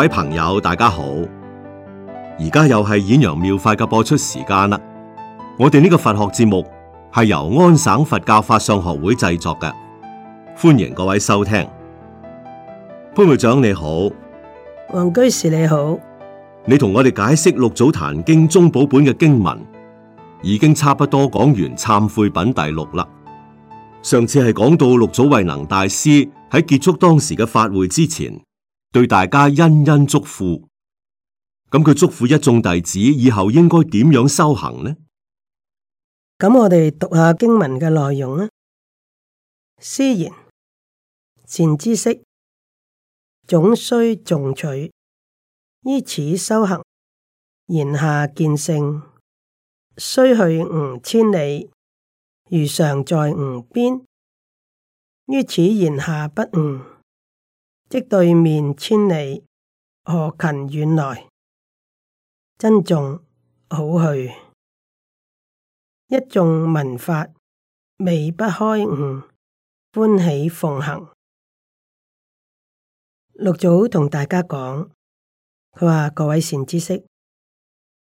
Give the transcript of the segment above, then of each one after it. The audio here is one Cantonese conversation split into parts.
各位朋友，大家好！而家又係《演揚妙，妙法》嘅播出時間啦。我哋呢個佛學節目係由安省佛教法相學會製作嘅，歡迎各位收聽。潘會長你好，黃居士，你好，你同我哋解釋《六祖壇經》中寶本嘅經文，已經差不多講完懺悔品第六啦。上次係講到六祖慧能大師喺結束當時嘅法會之前。對大家殷殷囑咐，咁佢囑咐一眾弟子以後應該點樣修行呢？咁我哋讀下經文嘅內容啦。師言，善知識，總需重取，於此修行，言下見性，雖去吾千里，如常在吾邊，於此言下不悟，即對面千里，何勤遠來？珍重好去，一眾聞法靡不開悟，歡喜奉行。六祖同大家講，佢話各位善知識，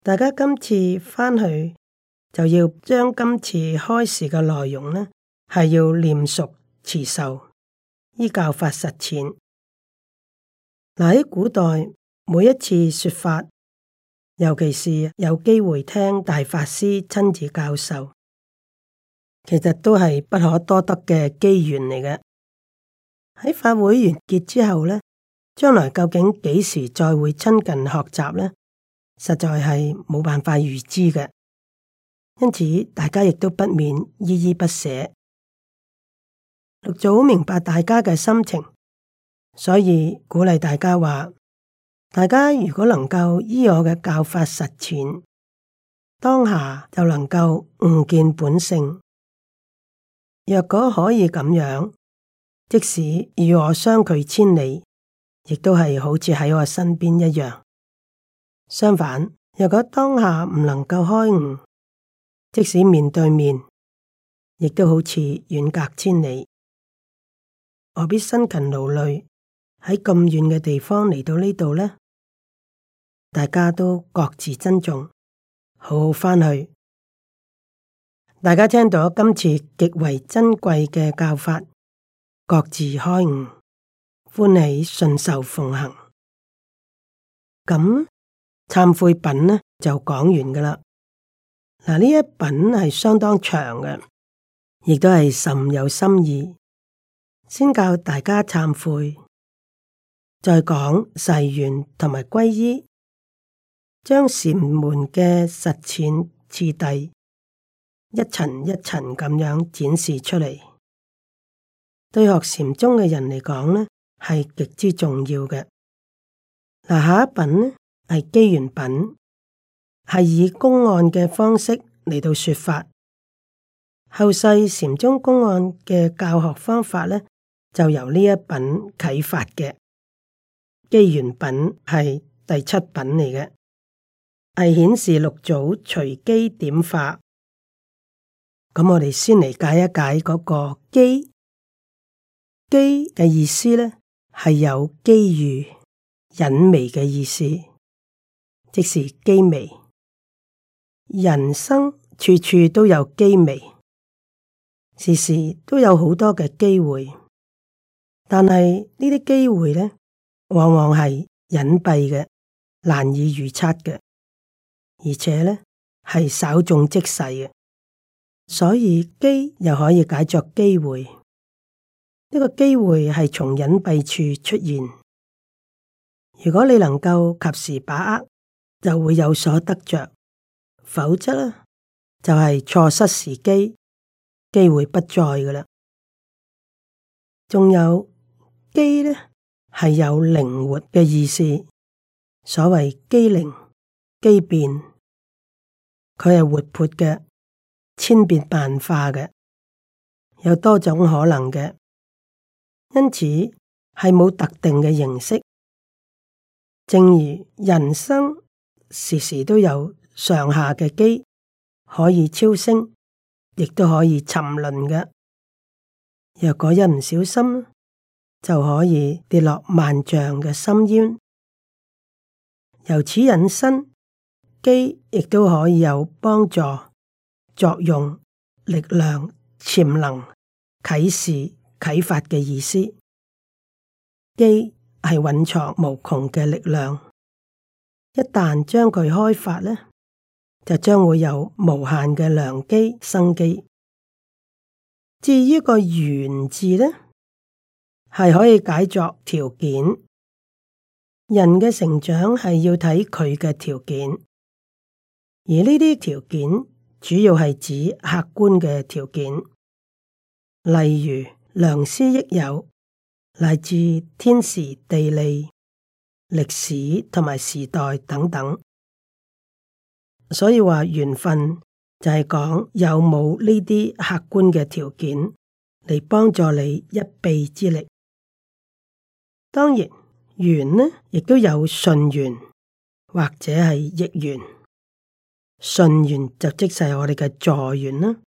大家今次翻去就要將今次開示嘅內容呢，係要念熟持受，依教法實踐。嗱，喺古代，每一次說法，尤其是有機會聽大法師親自教授，其實都係不可多得嘅機緣嚟嘅。喺法會完結之後呢，將來究竟幾時再會親近學習呢？實在係冇辦法預知嘅。因此，大家亦都不免依依不捨。六祖明白大家嘅心情。所以鼓勵大家話：大家如果能夠依我嘅教法實踐，當下就能夠悟見本性。若果可以咁樣，即使與我相距千里，亦都係好似喺我身邊一樣。相反，若果當下唔能夠開悟，即使面對面，亦都好似遠隔千里。何必辛勤勞累？喺咁遠嘅地方嚟到呢度呢，大家都各自珍重，好好返去。大家聽到今次極為珍貴嘅教法，各自開悟，歡喜順受奉行。咁懺悔品呢就講完噶啦。嗱，呢一品係相當長嘅，亦都係甚有心意。先教大家懺悔。再講誓願同埋歸依，將禪門嘅實踐次第一層一層咁樣展示出嚟，對學禪宗嘅人嚟講呢係極之重要嘅。嗱，下一品呢係機緣品，係以公案嘅方式嚟到說法。後世禪宗公案嘅教學方法呢，就由呢一品啟發嘅。機緣品係第七品嚟嘅，係顯示六組隨機點化。咁我哋先嚟解一解嗰個機機嘅意思咧，係有機遇、隱微嘅意思，即是機微。人生處處都有機微，時時都有好多嘅機會，但係呢啲機會咧。往往係隱蔽嘅，難以預測嘅，而且咧係稍縱即逝嘅，所以機又可以解作機會。呢、這個機會係從隱蔽處出現，如果你能夠及時把握，就會有所得着；否則咧就係、是、錯失時機，機會不再噶啦。仲有機咧，係有靈活嘅意思，所謂機靈、機變，佢係活潑嘅，千變萬化嘅，有多種可能嘅，因此係冇特定嘅形式。正如人生時時都有上下嘅機，可以超升，亦都可以沉淪嘅。若果一唔小心，就可以跌落萬丈嘅深淵，由此引申，機亦都可以有幫助、作用、力量、潛能、啟示、啟發嘅意思。機係蘊藏無窮嘅力量，一旦將佢開發呢，就將會有無限嘅良機生機。至於個源字呢？係可以解作條件，人嘅成長係要睇佢嘅條件，而呢啲條件主要係指客觀嘅條件，例如良師益友，嚟自天時地利、歷史同埋時代等等。所以話緣分就係講有冇呢啲客觀嘅條件嚟幫助你一臂之力。當然緣呢，亦都有順緣，或者係逆緣。順緣就即係我哋嘅助緣啦。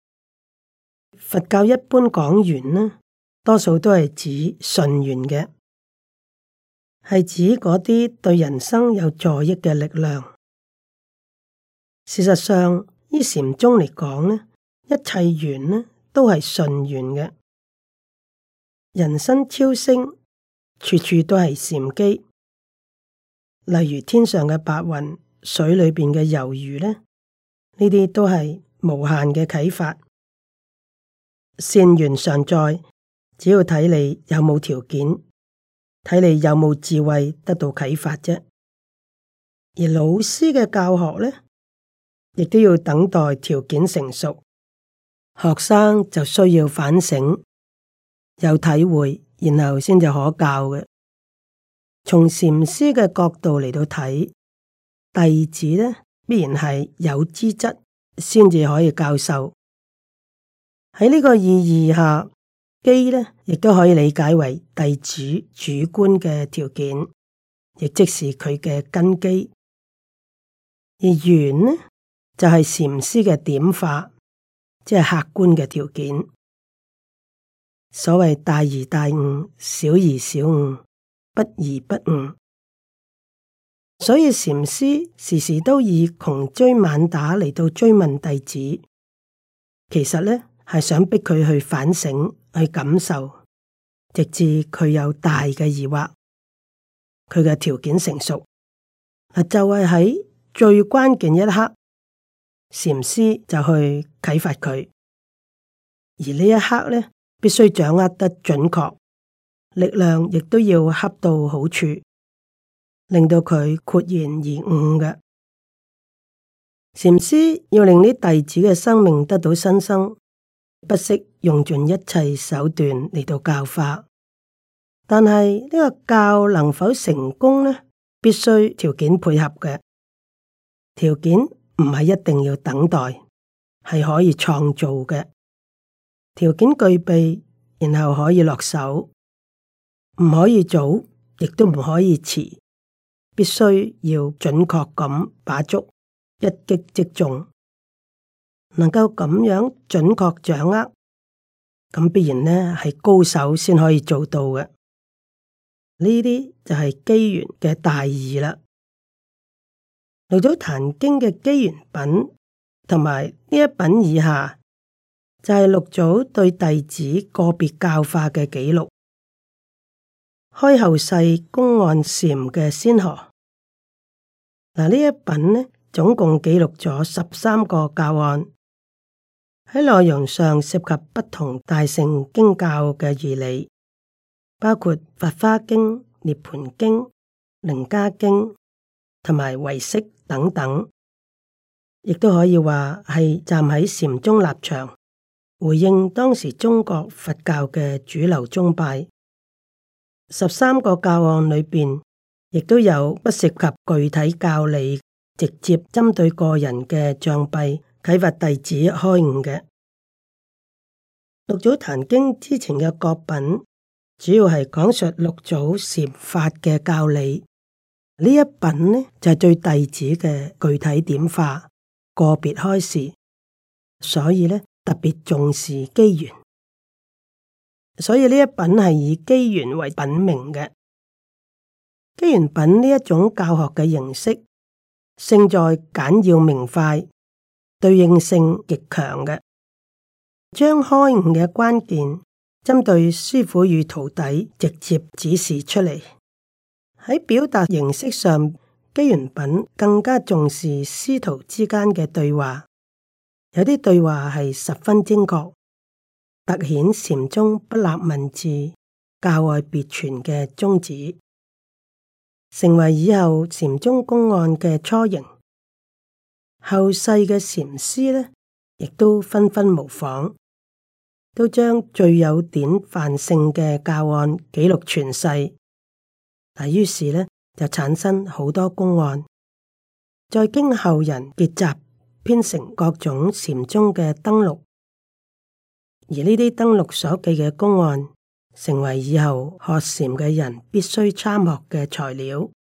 佛教一般講緣呢，多數都係指順緣嘅，係指嗰啲對人生有助益嘅力量。事實上，以禪宗嚟講呢，一切緣呢都係順緣嘅，人生超升。處處都係禪機，例如天上嘅白雲、水裏邊嘅游魚咧，呢啲都係無限嘅啟發。善緣常在，只要睇你有冇條件，睇你有冇智慧得到啟發啫。而老師嘅教學咧，亦都要等待條件成熟，學生就需要反省，有體會，然後先至可教嘅。從禪師嘅角度嚟到睇弟子咧，必然係有資質先至可以教授。喺呢個意義下，基咧亦都可以理解為弟子主，主觀嘅條件，亦即是佢嘅根基。而緣呢，就係、是、禪師嘅點化，即係客觀嘅條件。所謂大疑大悟，小疑小悟，不疑不悟。所以禪師時時都以窮追猛打嚟到追問弟子，其實呢，係想逼佢去反省、去感受，直至佢有大嘅疑惑，佢嘅條件成熟，啊就係、是、喺最關鍵一刻，禪師就去啟發佢，而呢一刻呢。必須掌握得準確，力量亦都要恰到好處，令到佢豁然而悟嘅。禪師要令啲弟子嘅生命得到新生，不惜用盡一切手段嚟到教化。但係呢個教能否成功呢？必須條件配合嘅。條件唔係一定要等待，係可以創造嘅。條件具備，然後可以落手，唔可以早，亦都唔可以遲，必須要準確咁把捉，一擊即中，能夠咁樣準確掌握，咁必然呢係高手先可以做到嘅。呢啲就係機緣嘅大義啦。嚟咗壇經嘅機緣品，同埋呢一品以下。就係六祖對弟子個別教化嘅記錄，開後世公案禪嘅先河。嗱，呢一品呢，總共記錄咗十三個教案，喺內容上涉及不同大乘經教嘅義理，包括《法華經》《涅槃經》《楞伽經》同埋《唯識》等等，亦都可以話係站喺禪宗立場。回應當時中國佛教嘅主流宗派，十三個教案裏邊，亦都有不涉及具體教理，直接針對個人嘅障蔽，啟發弟子開悟嘅。六祖壇經之前嘅各品，主要係講述六祖禪法嘅教理。呢一品呢就係、是、對弟子嘅具體點化、個別開示，所以呢。特別重視機緣，所以呢一品係以機緣為品名嘅機緣品。呢一種教學嘅形式，勝在簡要明快，對應性極強嘅，將開悟嘅關鍵針對師傅與徒弟直接指示出嚟。喺表達形式上，機緣品更加重視師徒之間嘅對話。有啲對話係十分精確，凸顯禪宗不立文字、教外別傳嘅宗旨，成為以後禪宗公案嘅雛形。後世嘅禪師咧，亦都紛紛模仿，都將最有典範性嘅教案記錄傳世。嗱，於是咧就產生好多公案，再經後人結集。編成各種禪宗嘅登錄，而呢啲登錄所記嘅公案，成為以後學禪嘅人必須參學嘅材料，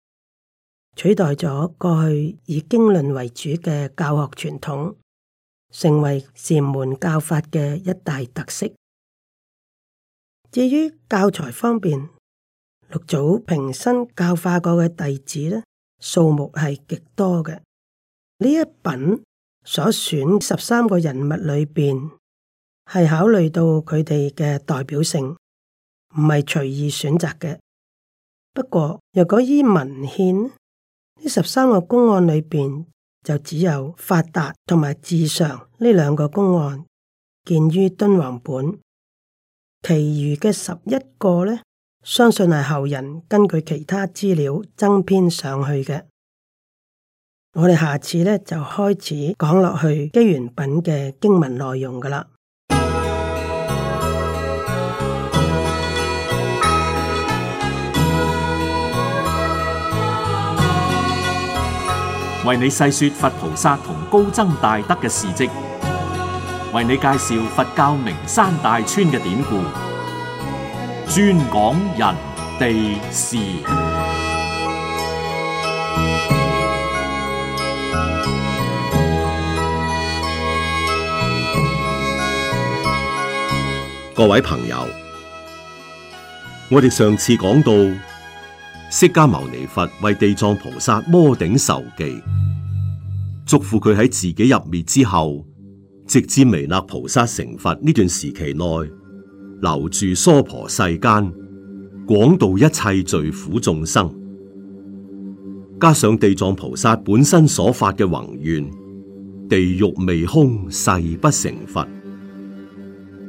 取代咗過去以經論為主嘅教學傳統，成為禪門教法嘅一大特色。至於教材方面，六祖平生教化過嘅弟子咧，數目係極多嘅，呢一品。所選十三個人物裏邊，係考慮到佢哋嘅代表性，唔係隨意選擇嘅。不過，若果依文獻呢，呢十三個公案裏邊就只有發達同埋智常呢兩個公案見於敦煌本，其餘嘅十一個呢，相信係後人根據其他資料增編上去嘅。我哋下次咧，就開始講落去《機緣品》嘅經文內容噶啦。為你細說佛菩薩同高僧大德嘅事跡，為你介紹佛教名山大川嘅典故，專講人地事。各位朋友，我哋上次講到釋迦牟尼佛為地藏菩薩摩頂授記，囑咐佢喺自己入滅之後，直至彌勒菩薩成佛呢段時期內，留住娑婆世間，廣度一切罪苦眾生。加上地藏菩薩本身所發嘅宏願，地獄未空，誓不成佛。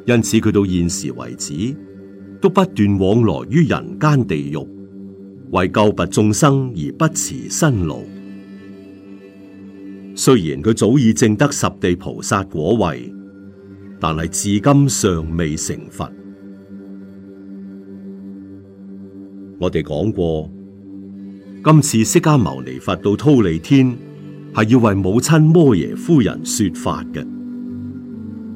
因此佢到現時為止，都不斷往來於人間地獄，為救拔眾生而不辭辛勞。雖然佢早已證得十地菩薩果位，但係至今尚未成佛。我哋講過，今次釋迦牟尼佛到忉利天，係要為母親摩耶夫人說法嘅，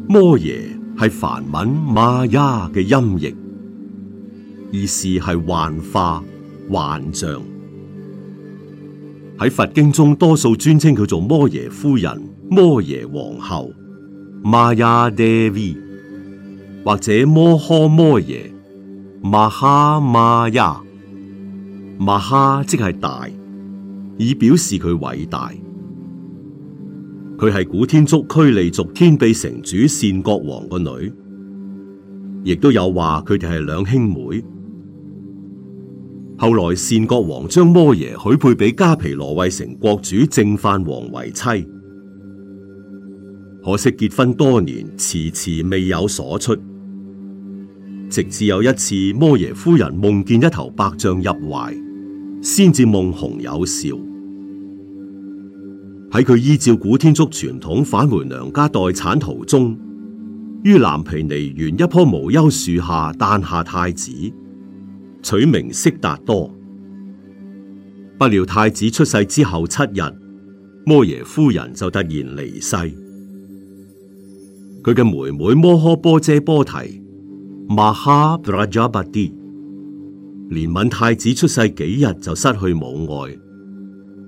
摩耶。係梵文瑪雅嘅音譯，意思係幻化、幻象。喺佛經中，多數尊稱佢做摩耶夫人、摩耶皇后，瑪雅德維，或者摩訶摩耶、瑪哈瑪雅、瑪哈即係大，以表示佢偉大。佢係古天竺拘利族天臂城主善國王個女，亦都有話佢哋係兩兄妹。後來善國王將摩耶許配俾迦毗羅衛城國主淨飯王為妻，可惜結婚多年，遲遲未有所出。直至有一次摩耶夫人夢見一頭白象入懷，先至夢熊有兆。喺佢依照古天竺傳統返回娘家待產途中，於南皮尼園一棵無憂樹下誕下太子，取名悉達多。不料太子出世之後七日，摩耶夫人就突然離世。佢嘅妹妹摩訶波遮波提瑪哈布拉賈巴蒂，憐憫太子出世幾日就失去母愛，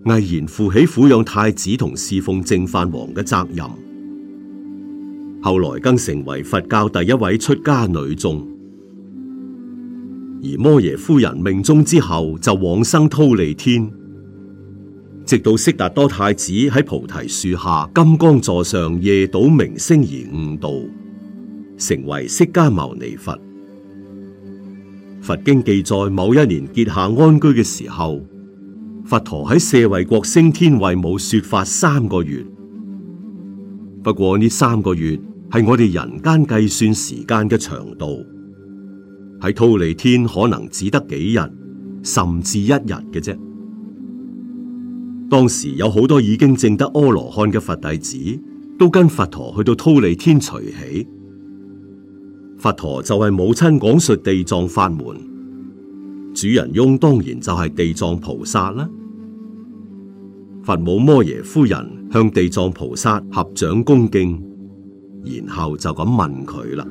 毅然負起撫養太子同侍奉淨飯王嘅責任，後來更成為佛教第一位出家女眾。而摩耶夫人命終之後就往生忉利天，直到悉達多太子喺菩提樹下金剛座上夜睹明星而悟道，成為釋迦牟尼佛。佛經記載，某一年結下安居嘅時候。佛陀喺舍衛國升天為母說法三個月，不過呢三個月係我哋人間計算時間嘅長度，喺忉利天可能只得幾日，甚至一日嘅啫。當時有好多已經證得阿羅漢嘅佛弟子，都跟佛陀去到忉利天隨喜。佛陀就為母親講述地藏法門。主人翁當然就係地藏菩薩啦，佛母摩耶夫人向地藏菩薩合掌恭敬，然後就咁問佢啦。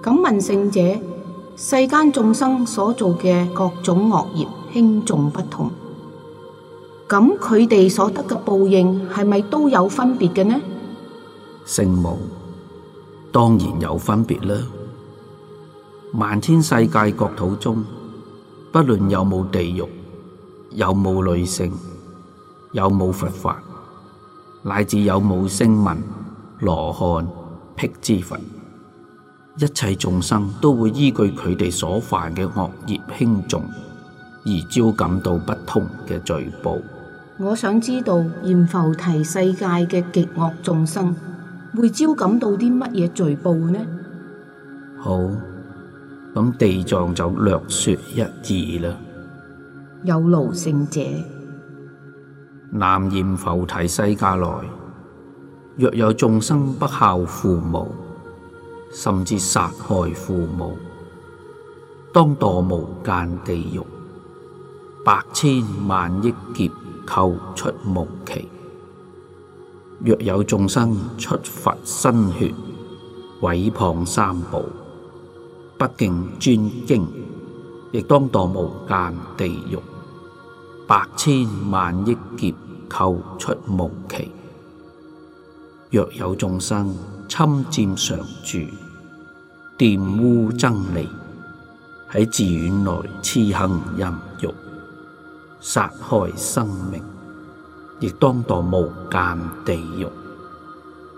咁問聖者，世間眾生所做嘅各種惡業輕重不同，咁佢哋所得嘅報應係咪都有分別嘅呢？聖母當然有分別啦。萬千世界國土中，不論有冇地獄，有冇女性，有冇佛法，乃至有冇聲聞、羅漢、辟支佛，一切眾生都會依據佢哋所犯嘅惡業輕重，而招感到不同嘅罪報。我想知道閻浮提世界嘅極惡眾生會招感到啲乜嘢罪報呢？好。咁地藏就略說一二啦。有勞聖者。南閻浮提世界內，若有眾生不孝父母，甚至殺害父母，當墮無間地獄，百千萬億劫，救出無期。若有眾生出佛身血，毀謗三寶。不敬尊經，亦當墮無間地獄，百千萬億劫求出無期。若有眾生侵佔常住，玷污僧尼，喺寺院內恣行淫欲，殺害生命，亦當墮無間地獄，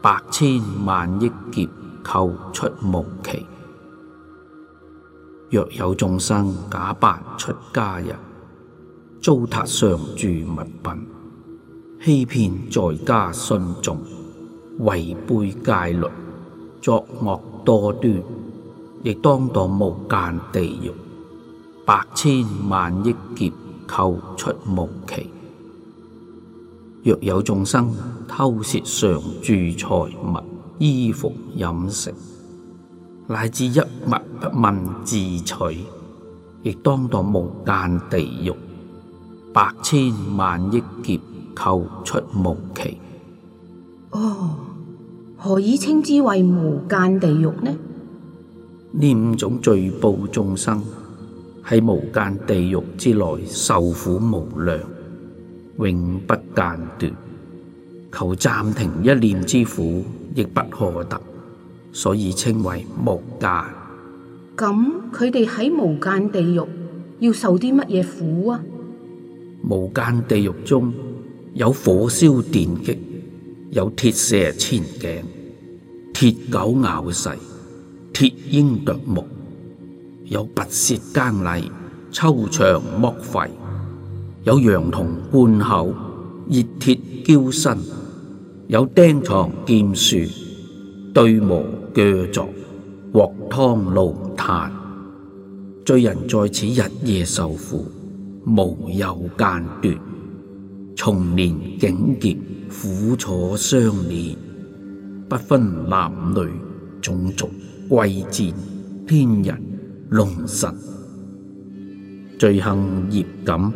百千萬億劫求出無期。若有眾生假扮出家人，糟蹋常住物品，欺騙在家信眾，違背戒律，作惡多端，亦當墮無間地獄，百千萬億劫，求出無期。若有眾生偷竊常住財物、衣服、飲食，乃至一物不問自取，亦當墮無間地獄，百千萬億劫，求出無期。哦，何以稱之為無間地獄呢？呢五種罪報眾生喺無間地獄之內受苦無量，永不間斷，求暫停一念之苦亦不可得。所以稱為無間。咁佢哋喺無間地獄要受啲乜嘢苦啊？無間地獄中有火燒電擊，有鐵蛇纏頸，鐵狗咬噬，鐵鷹啄目，有拔舌耕犁，抽腸剝肺，有羊銅灌口，熱鐵焦身，有釘床劍樹對磨。鋸鑿鑊湯爐炭，罪人在此日夜受苦，無有間斷。從年竟劫，苦楚相連，不分男女種族、貴賤、天人龍神，罪行業感，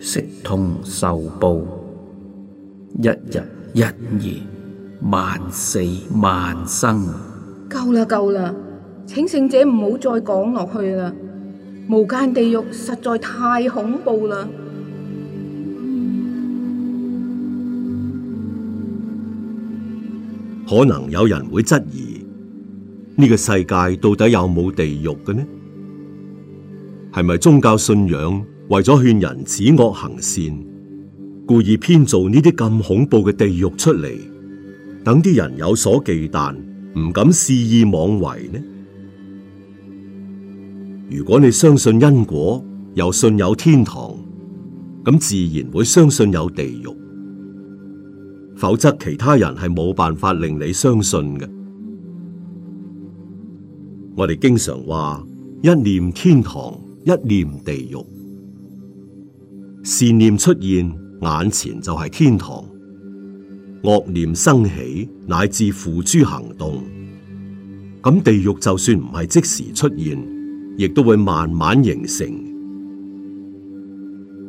悉痛受報，一日一夜，萬死萬生。夠啦，夠啦，請聖者唔好再講落去啦。無間地獄實在太恐怖啦。可能有人會質疑呢個世界到底有冇地獄嘅呢？係咪宗教信仰為咗勸人止惡行善，故意編造呢啲咁恐怖嘅地獄出嚟，等啲人有所忌憚？唔敢肆意妄為呢？如果你相信因果，又信有天堂，咁自然會相信有地獄。否則其他人係冇辦法令你相信嘅。我哋經常話一念天堂，一念地獄，善念出現眼前就係天堂。惡念生起，乃至付諸行動，咁地獄就算唔係即時出現，亦都會慢慢形成。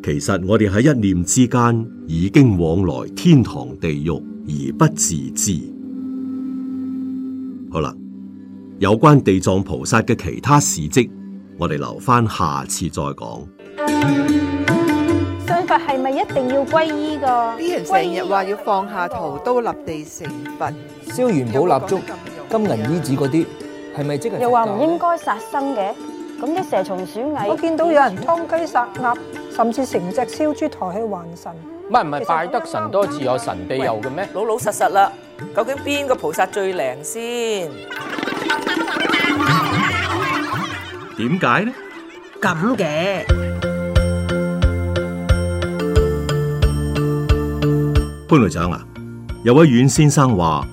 其實我哋喺一念之間已經往來天堂地獄而不自知。好啦，有關地藏菩薩嘅其他事跡，我哋留返下次再講。係咪一定要皈依噶？啲人成日話要放下屠刀立地成佛，燒元寶蠟燭、金銀衣紙嗰啲，係咪即係？又話唔應該殺生嘅，咁啲蛇蟲鼠蟻，我見到有人劏雞殺鴨，甚至成隻燒豬抬去還神。唔係唔係，拜得神多自有神庇佑嘅咩？老老實實啦，究竟邊個菩薩最靈先？點解呢？咁嘅。潘女長啊，有位阮先生話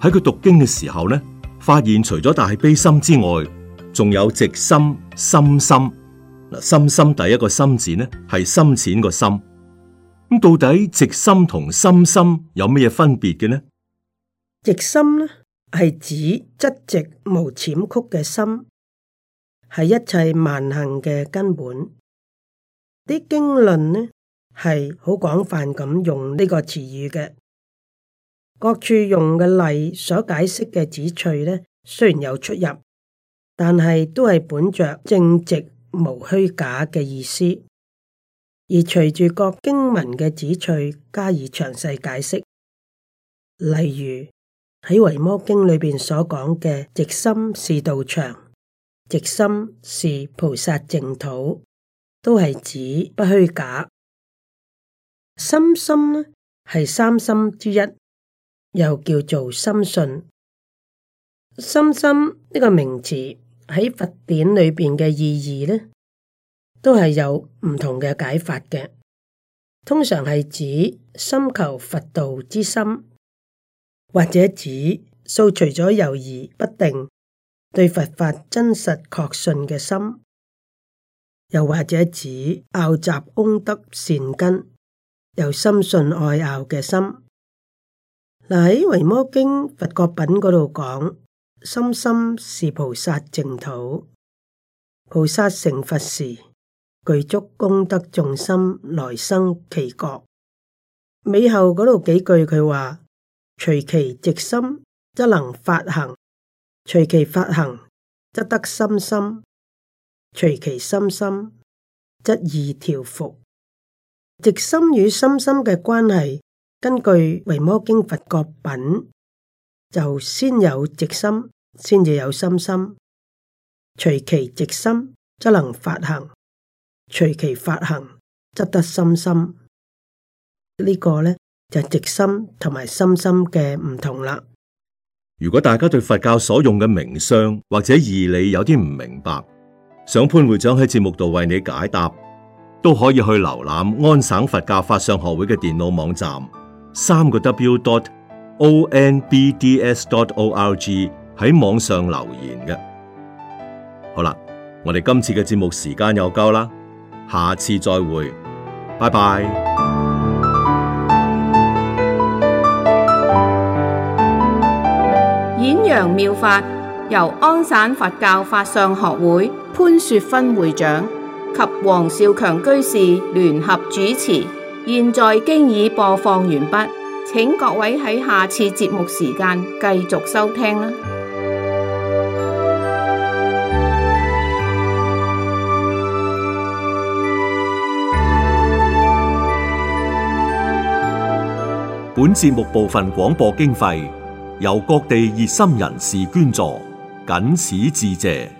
喺佢讀經嘅時候呢，發現除咗大悲心之外，仲有直心、心心嗱，心心第一個心字呢，係深淺個心，咁到底直心同心心有咩嘢分別嘅呢？直心呢係指質直無淺曲嘅心，係一切萬行嘅根本。啲經論呢，係好廣泛咁用呢個詞語嘅，各處用嘅例所解釋嘅指趣呢，雖然有出入，但係都係本着正直無虛假嘅意思。而隨住各經文嘅指趣加以詳細解釋，例如喺《維摩經》裏邊所講嘅“直心是道場，直心是菩薩淨土”，都係指不虛假。深心咧係三心之一，又叫做深信。深心呢個名詞喺佛典裏邊嘅意義呢，都係有唔同嘅解法嘅。通常係指深求佛道之心，或者指掃除咗猶豫不定，對佛法真實確信嘅心，又或者指積集功德善根，由深信愛拗嘅心，嗱喺《維摩經·佛國品》嗰度講，心心是菩薩淨土，菩薩成佛時具足功德重心，來生其國。尾後嗰度幾句佢話：隨其直心，則能發行；隨其發行，則得心心；隨其心心，則易調伏。直心與心心嘅關係，根據《維摩經·佛國品》，就先有直心，先至有心心。隨其直心，則能發行；隨其發行，則得心心。呢個呢，就係直心同埋心心嘅唔同啦。如果大家對佛教所用嘅名相或者義理有啲唔明白，想潘會長喺節目度為你解答。都可以去瀏覽安省佛教法相學會嘅電腦網站，三個 w.dot.o.n.b.d.s.dot.o.r.g 喺網上留言嘅。好啦，我哋今次嘅節目時間又夠啦，下次再會，拜拜。演揚妙法由安省佛教法相學會潘雪芬會長。及黃少強居士聯合主持，現在經已播放完畢，請各位喺下次節目時間繼續收聽啦。本節目部分廣播經費由各地熱心人士捐助，僅此致謝。